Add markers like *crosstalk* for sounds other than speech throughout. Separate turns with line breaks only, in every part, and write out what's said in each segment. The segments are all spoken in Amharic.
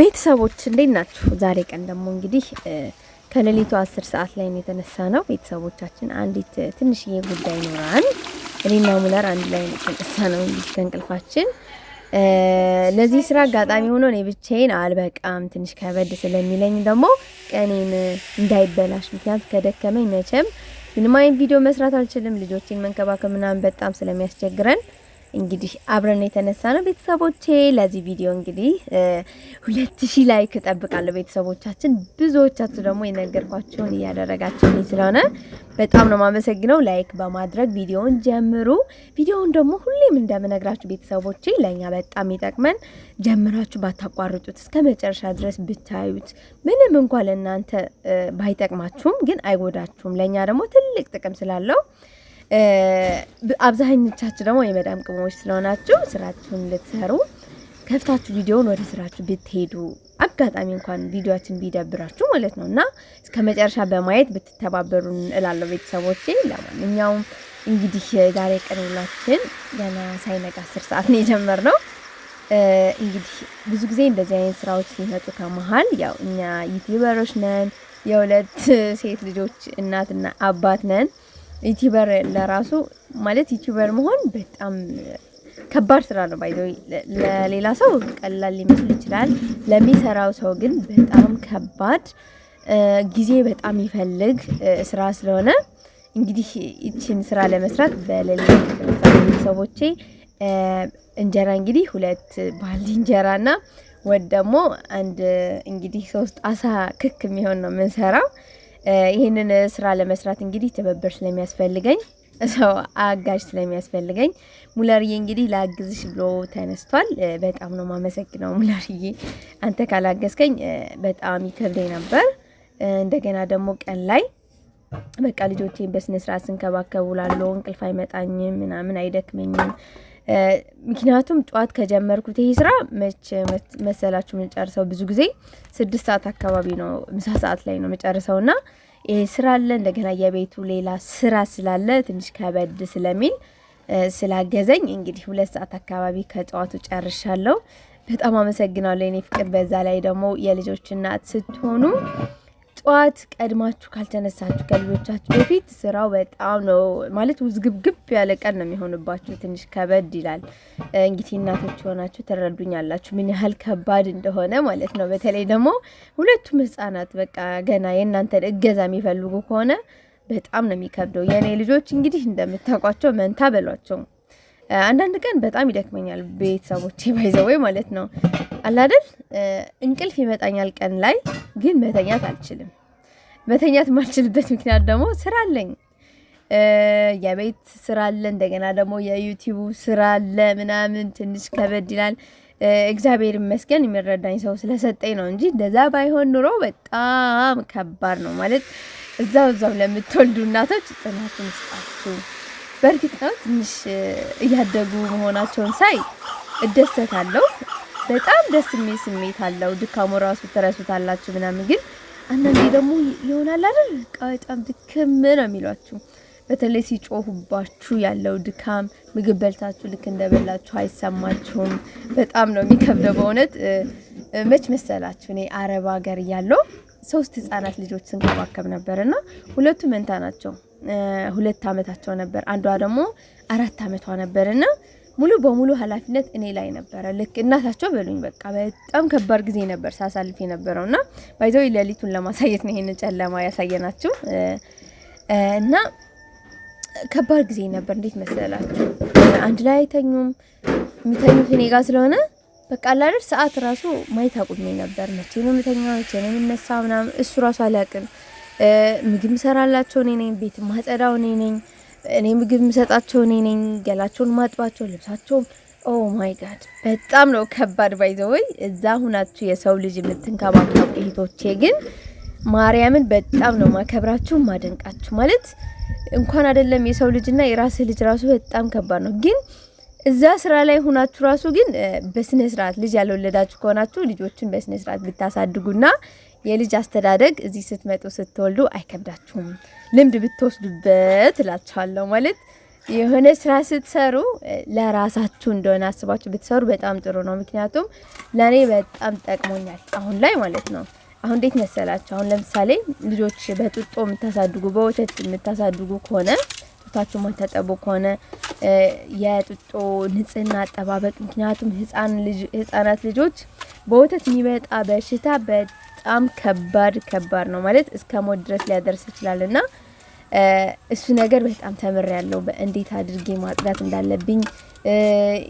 ቤተሰቦች እንዴት ናችሁ? ዛሬ ቀን ደግሞ እንግዲህ ከሌሊቱ አስር ሰዓት ላይ ነው የተነሳ ነው። ቤተሰቦቻችን አንዲት ትንሽዬ ጉዳይ ኖራን እኔና ሙለር አንድ ላይ የተነሳ ነው እንግዲህ ከእንቅልፋችን። ለዚህ ስራ አጋጣሚ ሆኖ እኔ ብቻዬን አልበቃም፣ ትንሽ ከበድ ስለሚለኝ ደግሞ ቀኔን እንዳይበላሽ ምክንያቱም ከደከመኝ መቼም ምንም አይነት ቪዲዮ መስራት አልችልም። ልጆችን መንከባከብ ምናምን በጣም ስለሚያስቸግረን እንግዲህ አብረን የተነሳ ነው ቤተሰቦቼ። ለዚህ ቪዲዮ እንግዲህ ሁለት ሺህ ላይክ እጠብቃለሁ ቤተሰቦቻችን። ብዙዎቻችሁ ደግሞ የነገርኳቸውን እያደረጋቸው ስለሆነ በጣም ነው የማመሰግነው። ላይክ በማድረግ ቪዲዮውን ጀምሩ። ቪዲዮውን ደግሞ ሁሌም እንደምነግራችሁ ቤተሰቦቼ ለእኛ በጣም ይጠቅመን፣ ጀምራችሁ ባታቋርጡት እስከ መጨረሻ ድረስ ብታዩት ምንም እንኳን ለእናንተ ባይጠቅማችሁም ግን አይጎዳችሁም፣ ለእኛ ደግሞ ትልቅ ጥቅም ስላለው አብዛኞቻችሁ ደግሞ የመዳም ቅመሞች ስለሆናችሁ ስራችሁን ልትሰሩ ከፍታችሁ ቪዲዮውን ወደ ስራችሁ ብትሄዱ አጋጣሚ እንኳን ቪዲዮችን ቢደብራችሁ ማለት ነው እና እስከ መጨረሻ በማየት ብትተባበሩን እላለሁ ቤተሰቦቼ። ለማንኛውም እንግዲህ ዛሬ ቀን ውሏችን ገና ሳይነጋ አስር ሰዓት ነው የጀመርነው። እንግዲህ ብዙ ጊዜ እንደዚህ አይነት ስራዎች ሲመጡ ከመሀል ያው እኛ ዩቲዩበሮች ነን፣ የሁለት ሴት ልጆች እናትና አባት ነን። ዩቲዩበር ለራሱ ማለት ዩቲበር መሆን በጣም ከባድ ስራ ነው። ባይዘ ለሌላ ሰው ቀላል ሊመስል ይችላል። ለሚሰራው ሰው ግን በጣም ከባድ ጊዜ በጣም ይፈልግ ስራ ስለሆነ እንግዲህ ይችን ስራ ለመስራት በሌላ ቤተሰቦቼ እንጀራ እንግዲህ ሁለት ባልዲ እንጀራና ወደ ደግሞ አንድ እንግዲህ ሶስት አሳ ክክ የሚሆን ነው የምንሰራው ይህንን ስራ ለመስራት እንግዲህ ትብብር ስለሚያስፈልገኝ ሰው አጋዥ ስለሚያስፈልገኝ ሙለርዬ እንግዲህ ላግዝሽ ብሎ ተነስቷል። በጣም ነው ማመሰግነው ሙለርዬ፣ አንተ ካላገዝከኝ በጣም ይከብደኝ ነበር። እንደገና ደግሞ ቀን ላይ በቃ ልጆቼን በስነስርዓት ስንከባከቡ ላለው እንቅልፍ አይመጣኝም ምናምን አይደክመኝም ምክንያቱም ጠዋት ከጀመርኩት ይህ ስራ መች መሰላችሁ መጨረሰው ብዙ ጊዜ ስድስት ሰዓት አካባቢ ነው፣ ምሳ ሰዓት ላይ ነው መጨረሰው እና ይሄ ስራ አለ እንደገና የቤቱ ሌላ ስራ ስላለ ትንሽ ከበድ ስለሚል ስላገዘኝ እንግዲህ ሁለት ሰዓት አካባቢ ከጠዋቱ ጨርሻለሁ። በጣም አመሰግናለሁ የኔ ፍቅር። በዛ ላይ ደግሞ የልጆች እናት ስትሆኑ ጠዋት ቀድማችሁ ካልተነሳችሁ ከልጆቻችሁ በፊት ስራው በጣም ነው ማለት ውዝግብግብ ያለ ቀን ነው የሚሆንባችሁ። ትንሽ ከበድ ይላል። እንግዲህ እናቶች የሆናችሁ ትረዱኛላችሁ ምን ያህል ከባድ እንደሆነ ማለት ነው። በተለይ ደግሞ ሁለቱም ህጻናት በቃ ገና የእናንተን እገዛ የሚፈልጉ ከሆነ በጣም ነው የሚከብደው። የእኔ ልጆች እንግዲህ እንደምታውቋቸው መንታ በሏቸው አንዳንድ ቀን በጣም ይደክመኛል ቤተሰቦቼ ባይዘወይ *laughs* ማለት ነው አላደል እንቅልፍ ይመጣኛል ቀን ላይ ግን መተኛት አልችልም። መተኛት የማልችልበት ምክንያት ደግሞ ስራ አለኝ። የቤት ስራ አለ፣ እንደገና ደግሞ የዩቲዩብ ስራ አለ ምናምን ትንሽ ከበድ ይላል። እግዚአብሔር ይመስገን የሚረዳኝ ሰው ስለሰጠኝ ነው እንጂ እንደዛ ባይሆን ኑሮ በጣም ከባድ ነው ማለት እዛው እዛው ለምትወልዱ እናቶች ጥናቱን ስጣችሁ። በእርግጥ ነው ትንሽ እያደጉ መሆናቸውን ሳይ እደሰታለሁ። በጣም ደስ የሚል ስሜት አለው። ድካሙ ራሱ ትረሱታላችሁ ምናምን። ግን አንዳንዴ ደግሞ ይሆናል አይደል በጣም ድክም ነው የሚሏችሁ። በተለይ ሲጮሁባችሁ ያለው ድካም ምግብ በልታችሁ ልክ እንደበላችሁ አይሰማችሁም። በጣም ነው የሚከብደው በእውነት መች መሰላችሁ እኔ አረብ ሀገር እያለሁ ሶስት ህጻናት ልጆች ስንከባከብ ነበርና ሁለቱ መንታ ናቸው። ሁለት አመታቸው ነበር። አንዷ ደግሞ አራት አመቷ ነበር እና ሙሉ በሙሉ ኃላፊነት እኔ ላይ ነበረ። ልክ እናታቸው በሉኝ። በቃ በጣም ከባድ ጊዜ ነበር ሳሳልፍ የነበረው እና ባይዘው ሌሊቱን ለማሳየት ነው ይህን ጨለማ ያሳየናችሁ እና ከባድ ጊዜ ነበር። እንዴት መሰላችሁ? አንድ ላይ አይተኙም። የሚተኙት እኔ ጋር ስለሆነ በቃ አላደር ሰዓት ራሱ ማየት አቁሜ ነበር። መቼ ነው የምተኛ መቼ ነው የምነሳ? ምናምን እሱ ራሱ አላቅም ምግብ ምሰራላቸው እኔ ነኝ፣ ቤት ማጸዳው እኔ ነኝ፣ እኔ ምግብ ምሰጣቸው እኔ ነኝ፣ ገላቸውን ማጥባቸው፣ ልብሳቸውን ኦ ማይ ጋድ በጣም ነው ከባድ። ባይዘወይ እዛ ሁናችሁ የሰው ልጅ የምትንከባከቡ እህቶቼ ግን ማርያምን በጣም ነው ማከብራችሁ ማደንቃችሁ። ማለት እንኳን አይደለም የሰው ልጅና የራስህ ልጅ ራሱ በጣም ከባድ ነው። ግን እዛ ስራ ላይ ሁናችሁ ራሱ ግን በስነ ስርዓት ልጅ ያልወለዳችሁ ከሆናችሁ ልጆችን በስነ ስርዓት ብታሳድጉና የልጅ አስተዳደግ እዚህ ስትመጡ ስትወልዱ አይከብዳችሁም፣ ልምድ ብትወስዱበት እላችኋለሁ። ማለት የሆነ ስራ ስትሰሩ ለራሳችሁ እንደሆነ አስባችሁ ብትሰሩ በጣም ጥሩ ነው። ምክንያቱም ለእኔ በጣም ጠቅሞኛል አሁን ላይ ማለት ነው። አሁን እንዴት መሰላችሁ? አሁን ለምሳሌ ልጆች በጡጦ የምታሳድጉ በወተት የምታሳድጉ ከሆነ ጡታችሁ ማታጠቡ ከሆነ የጡጦ ንጽህና አጠባበቅ፣ ምክንያቱም ህጻናት ልጆች በወተት የሚመጣ በሽታ በጣም ከባድ ከባድ ነው ማለት እስከ ሞት ድረስ ሊያደርስ ይችላል እና እሱ ነገር በጣም ተምር ያለው በእንዴት አድርጌ ማጽዳት እንዳለብኝ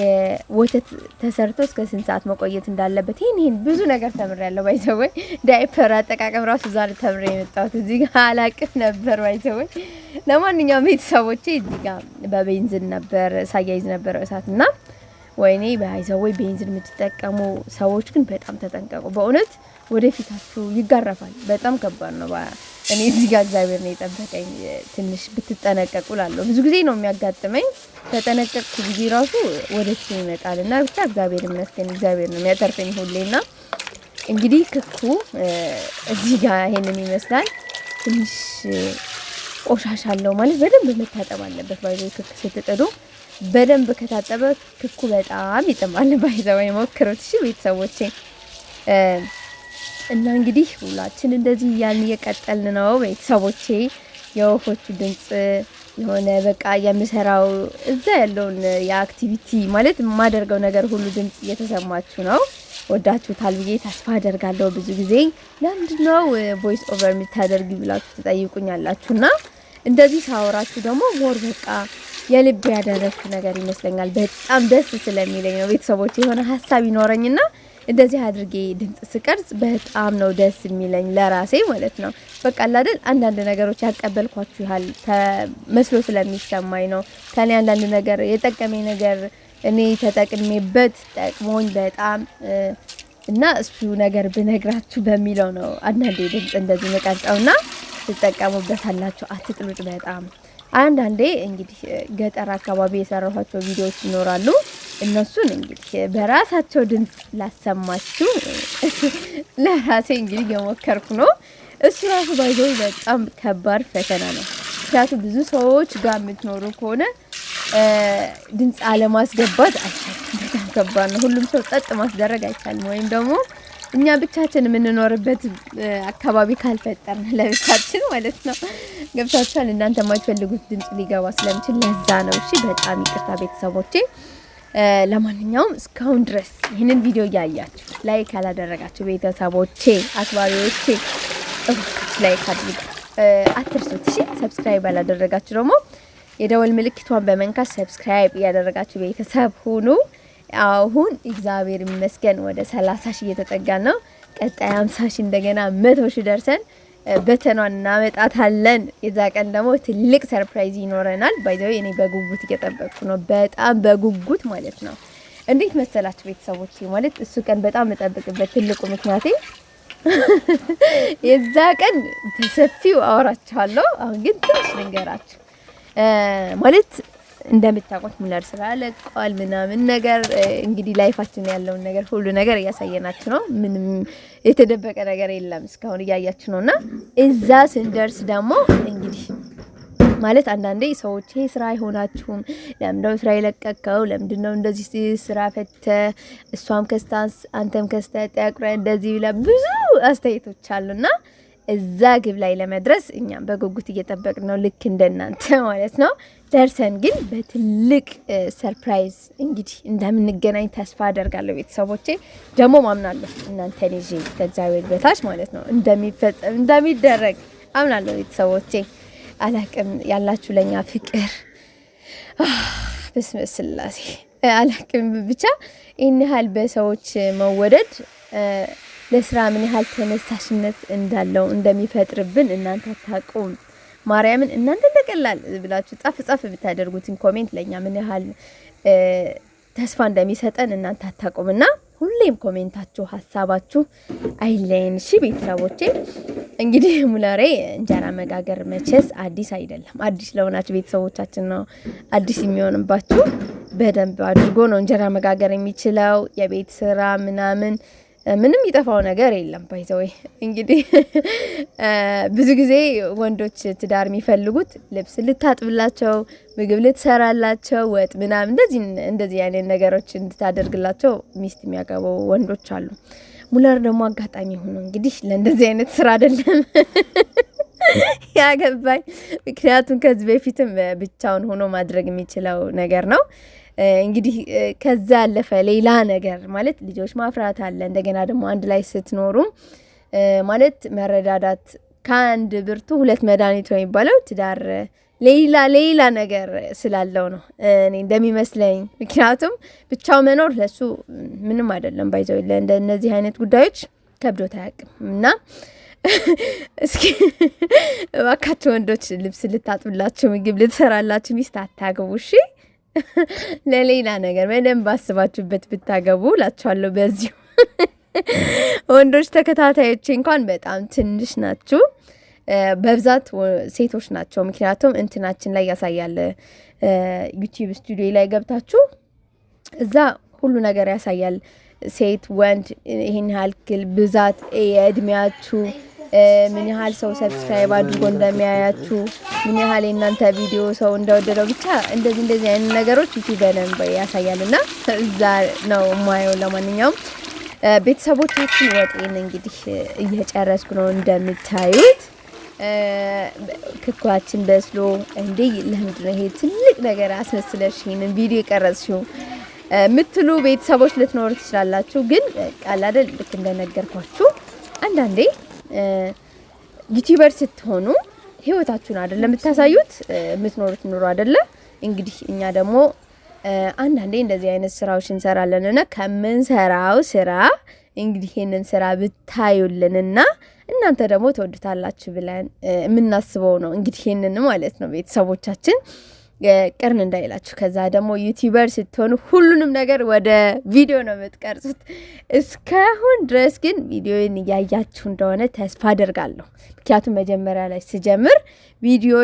የወተት ተሰርቶ እስከ ስንት ሰዓት መቆየት እንዳለበት ይህን ይህን ብዙ ነገር ተምር ያለው ባይዘወይ ዳይፐር አጠቃቀም ራሱ ዛሬ ተምር የመጣሁት እዚህ ጋር አላቅም ነበር ባይዘወይ። ለማንኛውም ቤተሰቦቼ እዚህ ጋር በቤንዝን ነበር ሳያይዝ ነበረው እሳት እና ወይኔ ባይዘወይ ቤንዝን የምትጠቀሙ ሰዎች ግን በጣም ተጠንቀቁ በእውነት ወደፊታችሁ ይጋረፋል። በጣም ከባድ ነው። እኔ እዚህ ጋር እግዚአብሔር ነው የጠበቀኝ። ትንሽ ብትጠነቀቁ ላለሁ ብዙ ጊዜ ነው የሚያጋጥመኝ። ተጠነቀቅኩ ጊዜ ራሱ ወደፊት ይመጣል እና ብቻ እግዚአብሔር ይመስገን፣ እግዚአብሔር ነው የሚያጠርፈኝ ና እንግዲህ ክኩ እዚህ ጋር ይሄንን ይመስላል። ትንሽ ቆሻሻ አለው ማለት በደንብ መታጠብ አለበት። ባይዘ ክክ ስትጥዱ በደንብ ከታጠበ ክኩ በጣም ይጥማል። ባይዘ ሞክሩት እሺ ቤተሰቦቼ። እና እንግዲህ ሁላችን እንደዚህ እያልን እየቀጠልን ነው ቤተሰቦቼ። የወፎቹ ድምጽ የሆነ በቃ የምሰራው እዛ ያለውን የአክቲቪቲ ማለት የማደርገው ነገር ሁሉ ድምጽ እየተሰማችሁ ነው። ወዳችሁታል ብዬ ተስፋ አደርጋለሁ። ብዙ ጊዜ ለምንድን ነው ቮይስ ኦቨር የምታደርግ ብላችሁ ትጠይቁኛላችሁና እንደዚህ ሳወራችሁ ደግሞ ሞር በቃ የልብ ያደረግኩ ነገር ይመስለኛል። በጣም ደስ ስለሚለኝ ነው ቤተሰቦች። የሆነ ሀሳብ ይኖረኝና እንደዚህ አድርጌ ድምጽ ስቀርጽ በጣም ነው ደስ የሚለኝ ለራሴ ማለት ነው። በቃ አላደል አንዳንድ ነገሮች ያቀበልኳችሁ ያህል መስሎ ስለሚሰማኝ ነው። ከኔ አንዳንድ ነገር የጠቀመኝ ነገር እኔ ተጠቅሜበት ጠቅሞኝ በጣም እና እሱ ነገር ብነግራችሁ በሚለው ነው። አንዳንዴ ድምጽ እንደዚህ ና ትጠቀሙበታላችሁ፣ አትጥሉጥ በጣም አንዳንዴ እንግዲህ ገጠር አካባቢ የሰራኋቸው ቪዲዮዎች ይኖራሉ እነሱን እንግዲህ በራሳቸው ድምፅ ላሰማችሁ *laughs* ለራሴ እንግዲህ የሞከርኩ ነው። እሱ ራሱ ባይዘው በጣም ከባድ ፈተና ነው። ምክንያቱም ብዙ ሰዎች ጋር የምትኖሩ ከሆነ ድምፅ አለማስገባት አይቻልም። *laughs* በጣም ከባድ ነው። ሁሉም ሰው ጸጥ ማስደረግ አይቻልም። ወይም ደግሞ እኛ ብቻችን የምንኖርበት አካባቢ ካልፈጠርን ለብቻችን ማለት ነው። ገብታችኋል? እናንተ የማይፈልጉት ድምፅ ሊገባ ስለምችል ለዛ ነው። እሺ፣ በጣም ይቅርታ ቤተሰቦቼ። ለማንኛውም እስካሁን ድረስ ይህንን ቪዲዮ እያያችሁ ላይክ ያላደረጋችሁ ቤተሰቦቼ፣ አክባሪዎቼ እባካችሁ ላይክ አድርጉ አትርሱት። እሺ ሰብስክራይብ ያላደረጋችሁ ደግሞ የደወል ምልክቷን በመንካት ሰብስክራይብ እያደረጋችሁ ቤተሰብ ሁኑ። አሁን እግዚአብሔር ይመስገን ወደ ሰላሳ ሺ እየተጠጋ ነው። ቀጣይ ሀምሳ ሺ እንደገና መቶ ሺ ደርሰን በተኗን እናመጣታለን። የዛ ቀን ደግሞ ትልቅ ሰርፕራይዝ ይኖረናል። ባይዘው እኔ በጉጉት እየጠበቅኩ ነው፣ በጣም በጉጉት ማለት ነው። እንዴት መሰላችሁ ቤተሰቦች? ማለት እሱ ቀን በጣም እጠብቅበት ትልቁ ምክንያቴ *laughs* የዛ ቀን በሰፊው አወራችኋለሁ። አሁን ግን ትንሽ ልንገራችሁ ማለት እንደምታውቁት ሙለር ስራ ለቋል ምናምን ነገር እንግዲህ ላይፋችን ያለውን ነገር ሁሉ ነገር እያሳየናችሁ ነው። ምንም የተደበቀ ነገር የለም፣ እስካሁን እያያችሁ ነው። እና እዛ ስንደርስ ደግሞ እንግዲህ ማለት አንዳንዴ ሰዎች ይሄ ስራ አይሆናችሁም፣ ለምንድነው ስራ የለቀቀው? ለምንድነው እንደዚህ ስራ ፈተ እሷም ከስታንስ አንተም ከስተ ጠቁረ እንደዚህ ብላ ብዙ አስተያየቶች አሉና እዛ ግብ ላይ ለመድረስ እኛም በጉጉት እየጠበቅ ነው፣ ልክ እንደናንተ *laughs* ማለት ነው። ደርሰን ግን በትልቅ ሰርፕራይዝ እንግዲህ እንደምንገናኝ ተስፋ አደርጋለሁ። ቤተሰቦቼ ደግሞ ማምናለሁ እናንተ ይዤ ከእግዚአብሔር በታች ማለት ነው እንደሚፈጸም እንደሚደረግ አምናለሁ። ቤተሰቦቼ አላቅም ያላችሁ ለእኛ ፍቅር *sighs* በስመ አላቅም ብቻ ይህን ያህል በሰዎች መወደድ ለስራ ምን ያህል ተነሳሽነት እንዳለው እንደሚፈጥርብን እናንተ አታውቁም። ማርያምን እናንተ እንደቀላል ብላችሁ ጻፍ ጻፍ ብታደርጉትን ኮሜንት ለእኛ ምን ያህል ተስፋ እንደሚሰጠን እናንተ አታውቁም። እና ሁሌም ኮሜንታችሁ፣ ሀሳባችሁ አይለየን። እሺ ቤተሰቦቼ እንግዲህ ሙላሬ እንጀራ መጋገር መቼስ አዲስ አይደለም። አዲስ ለሆናችሁ ቤተሰቦቻችን ነው አዲስ የሚሆንባችሁ። በደንብ አድርጎ ነው እንጀራ መጋገር የሚችለው የቤት ስራ ምናምን ምንም ይጠፋው ነገር የለም። ባይዘወይ *laughs* እንግዲህ ብዙ ጊዜ ወንዶች ትዳር የሚፈልጉት ልብስ ልታጥብላቸው፣ ምግብ ልትሰራላቸው፣ ወጥ ምናምን እንደዚህ እንደዚህ አይነት ነገሮች እንድታደርግላቸው ሚስት የሚያገቡ ወንዶች አሉ። ሙለር ደግሞ አጋጣሚ ሆኖ እንግዲህ ለእንደዚህ አይነት ስራ አይደለም *laughs* ያገባኝ። ምክንያቱም ከዚህ በፊትም ብቻውን ሆኖ ማድረግ የሚችለው ነገር ነው። እንግዲህ ከዛ ያለፈ ሌላ ነገር ማለት ልጆች ማፍራት አለ። እንደገና ደግሞ አንድ ላይ ስትኖሩም ማለት መረዳዳት ከአንድ ብርቱ ሁለት መድኃኒት ነው የሚባለው። ትዳር ሌላ ሌላ ነገር ስላለው ነው እኔ እንደሚመስለኝ። ምክንያቱም ብቻው መኖር ለሱ ምንም አይደለም። ባይዘው ለእንደ እነዚህ አይነት ጉዳዮች ከብዶት አያውቅም እና *laughs* እስኪ እባካችሁ ወንዶች ልብስ ልታጥብላችሁ፣ ምግብ ልትሰራላችሁ ሚስት አታግቡ እሺ። *laughs* ለሌላ ነገር በደንብ አስባችሁበት ብታገቡ እላችኋለሁ። በዚሁ *laughs* ወንዶች ተከታታዮች እንኳን በጣም ትንሽ ናችሁ፣ በብዛት ሴቶች ናቸው። ምክንያቱም እንትናችን ላይ ያሳያል፣ ዩቲዩብ ስቱዲዮ ላይ ገብታችሁ እዛ ሁሉ ነገር ያሳያል። ሴት ወንድ፣ ይህን ያህል ብዛት፣ የእድሜያችሁ ምን ያህል ሰው ሰብስክራይብ አድርጎ እንደሚያያችሁ ምን ያህል የእናንተ ቪዲዮ ሰው እንደወደደው ብቻ እንደዚህ እንደዚህ አይነት ነገሮች ዩቲ በደንብ ያሳያል እና እዛ ነው ማየው ለማንኛውም ቤተሰቦቻችን ወጤን እንግዲህ እየጨረስኩ ነው እንደምታዩት። ክኳችን በስሎ እንዴ ለምንድን ነው ይሄ ትልቅ ነገር አስመስለሽ ይህንን ቪዲዮ የቀረጽሽው የምትሉ ቤተሰቦች ልትኖሩ ትችላላችሁ። ግን ቃል አይደል ልክ እንደነገርኳችሁ አንዳንዴ ዩቲዩበር ስትሆኑ ህይወታችሁን አይደለም የምታሳዩት የምትኖሩት ኑሮ አይደለ። እንግዲህ እኛ ደግሞ አንዳንዴ እንደዚህ አይነት ስራዎች እንሰራለን እና ከምንሰራው ስራ እንግዲህ ይህንን ስራ ብታዩልንና እናንተ ደግሞ ትወዱታላችሁ ብለን የምናስበው ነው እንግዲህ ይህንን ማለት ነው ቤተሰቦቻችን ቅርን እንዳይላችሁ። ከዛ ደግሞ ዩቲዩበር ስትሆኑ ሁሉንም ነገር ወደ ቪዲዮ ነው የምትቀርጹት። እስካሁን ድረስ ግን ቪዲዮን እያያችሁ እንደሆነ ተስፋ አደርጋለሁ። ምክንያቱም መጀመሪያ ላይ ስጀምር ቪዲዮ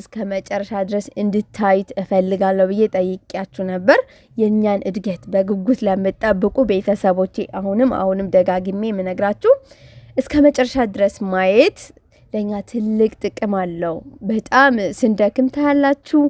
እስከ መጨረሻ ድረስ እንድታዩት እፈልጋለሁ ብዬ ጠይቂያችሁ ነበር። የእኛን እድገት በጉጉት ለምጠብቁ ቤተሰቦቼ አሁንም አሁንም ደጋግሜ የምነግራችሁ እስከ መጨረሻ ድረስ ማየት ለእኛ ትልቅ ጥቅም አለው። በጣም ስንደክም ታያላችሁ።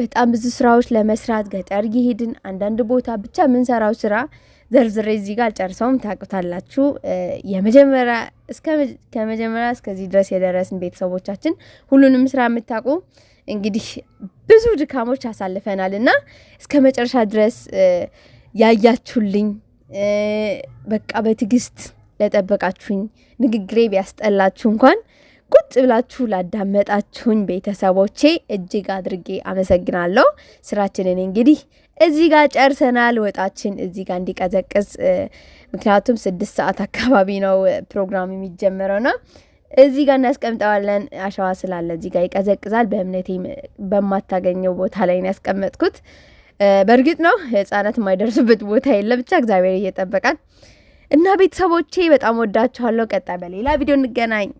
በጣም ብዙ ስራዎች ለመስራት ገጠር ይሄድን አንዳንድ ቦታ ብቻ የምንሰራው ስራ ዘርዝሬ እዚህ ጋር አልጨርሰውም፣ ታውቁታላችሁ። የመጀመሪያ ከመጀመሪያ እስከዚህ ድረስ የደረስን ቤተሰቦቻችን ሁሉንም ስራ የምታውቁ እንግዲህ ብዙ ድካሞች አሳልፈናል እና እስከ መጨረሻ ድረስ ያያችሁልኝ በቃ በትዕግስት ለጠበቃችሁኝ ንግግሬ ቢያስጠላችሁ እንኳን ቁጭ ብላችሁ ላዳመጣችሁኝ ቤተሰቦቼ እጅግ አድርጌ አመሰግናለሁ። ስራችንን እንግዲህ እዚህ ጋር ጨርሰናል። ወጣችን እዚህ ጋር እንዲቀዘቅዝ ምክንያቱም ስድስት ሰዓት አካባቢ ነው ፕሮግራም ነው እዚህ ጋር እናስቀምጠዋለን። አሸዋ ስላለ እዚህ ጋር ይቀዘቅዛል። በእምነቴ በማታገኘው ቦታ ላይ ያስቀመጥኩት። በእርግጥ ነው ህጻናት የማይደርሱበት ቦታ የለም። ብቻ እግዚአብሔር እየጠበቃል እና ቤተሰቦቼ በጣም ወዳችኋለሁ። ቀጣይ በሌላ ቪዲዮ እንገናኝ።